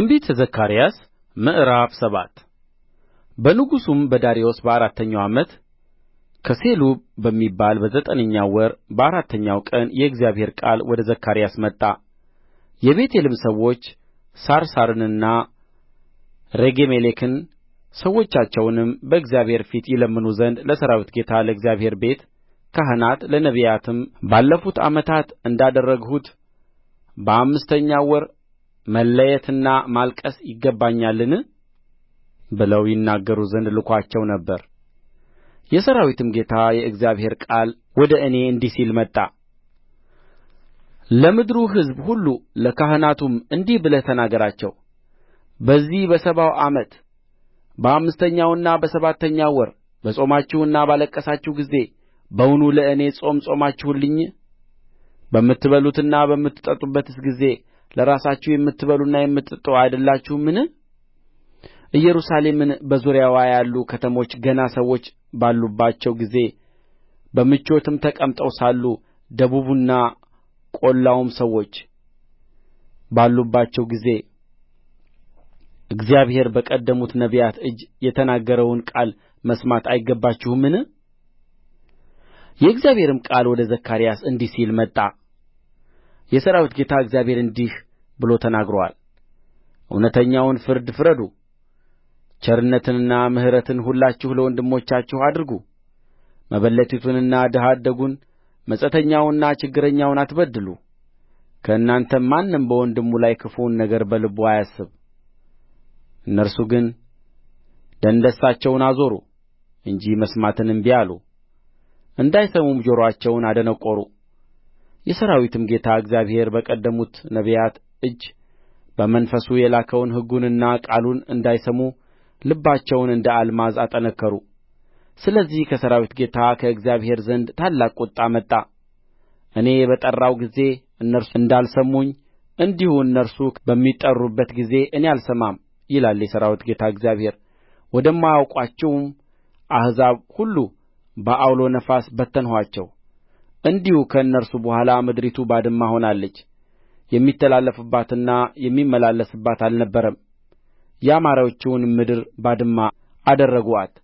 ትንቢተ ዘካርያስ ምዕራፍ ሰባት በንጉሡም በዳርዮስ በአራተኛው ዓመት ከሴሉ በሚባል በዘጠነኛው ወር በአራተኛው ቀን የእግዚአብሔር ቃል ወደ ዘካርያስ መጣ የቤቴልም ሰዎች ሳራሳርንና ሬጌሜሌክን ሰዎቻቸውንም በእግዚአብሔር ፊት ይለምኑ ዘንድ ለሠራዊት ጌታ ለእግዚአብሔር ቤት ካህናት ለነቢያትም ባለፉት ዓመታት እንዳደረግሁት በአምስተኛው ወር መለየትና ማልቀስ ይገባኛልን ብለው ይናገሩ ዘንድ ልኮአቸው ነበር የሠራዊትም ጌታ የእግዚአብሔር ቃል ወደ እኔ እንዲህ ሲል መጣ ለምድሩ ሕዝብ ሁሉ ለካህናቱም እንዲህ ብለህ ተናገራቸው በዚህ በሰባው ዓመት በአምስተኛውና በሰባተኛው ወር በጾማችሁና ባለቀሳችሁ ጊዜ በውኑ ለእኔ ጾም ጾማችሁልኝ በምትበሉትና በምትጠጡበትስ ጊዜ ለራሳችሁ የምትበሉና የምትጠጡ አይደላችሁምን ኢየሩሳሌምን በዙሪያዋ ያሉ ከተሞች ገና ሰዎች ባሉባቸው ጊዜ በምቾትም ተቀምጠው ሳሉ ደቡቡና ቈላውም ሰዎች ባሉባቸው ጊዜ እግዚአብሔር በቀደሙት ነቢያት እጅ የተናገረውን ቃል መስማት አይገባችሁምን የእግዚአብሔርም ቃል ወደ ዘካርያስ እንዲህ ሲል መጣ የሠራዊት ጌታ እግዚአብሔር እንዲህ ብሎ ተናግሮአል እውነተኛውን ፍርድ ፍረዱ ቸርነትንና ምሕረትን ሁላችሁ ለወንድሞቻችሁ አድርጉ መበለቲቱንና ድሀ አደጉን መጻተኛውንና ችግረኛውን አትበድሉ ከእናንተም ማንም በወንድሙ ላይ ክፉውን ነገር በልቡ አያስብ እነርሱ ግን ደንደሳቸውን አዞሩ እንጂ መስማትን እምቢ አሉ እንዳይሰሙም ጆሮአቸውን አደነቈሩ የሠራዊትም ጌታ እግዚአብሔር በቀደሙት ነቢያት እጅ በመንፈሱ የላከውን ሕጉንና ቃሉን እንዳይሰሙ ልባቸውን እንደ አልማዝ አጠነከሩ ስለዚህ ከሠራዊት ጌታ ከእግዚአብሔር ዘንድ ታላቅ ቍጣ መጣ እኔ በጠራሁ ጊዜ እነርሱ እንዳልሰሙኝ እንዲሁ እነርሱ በሚጠሩበት ጊዜ እኔ አልሰማም ይላል የሠራዊት ጌታ እግዚአብሔር ወደማያውቋቸውም አሕዛብ ሁሉ በዐውሎ ነፋስ በተንኋቸው እንዲሁ ከእነርሱ በኋላ ምድሪቱ ባድማ ሆናለች የሚተላለፍባትና የሚመላለስባት አልነበረም ያማረችውንም ምድር ባድማ አደረጉአት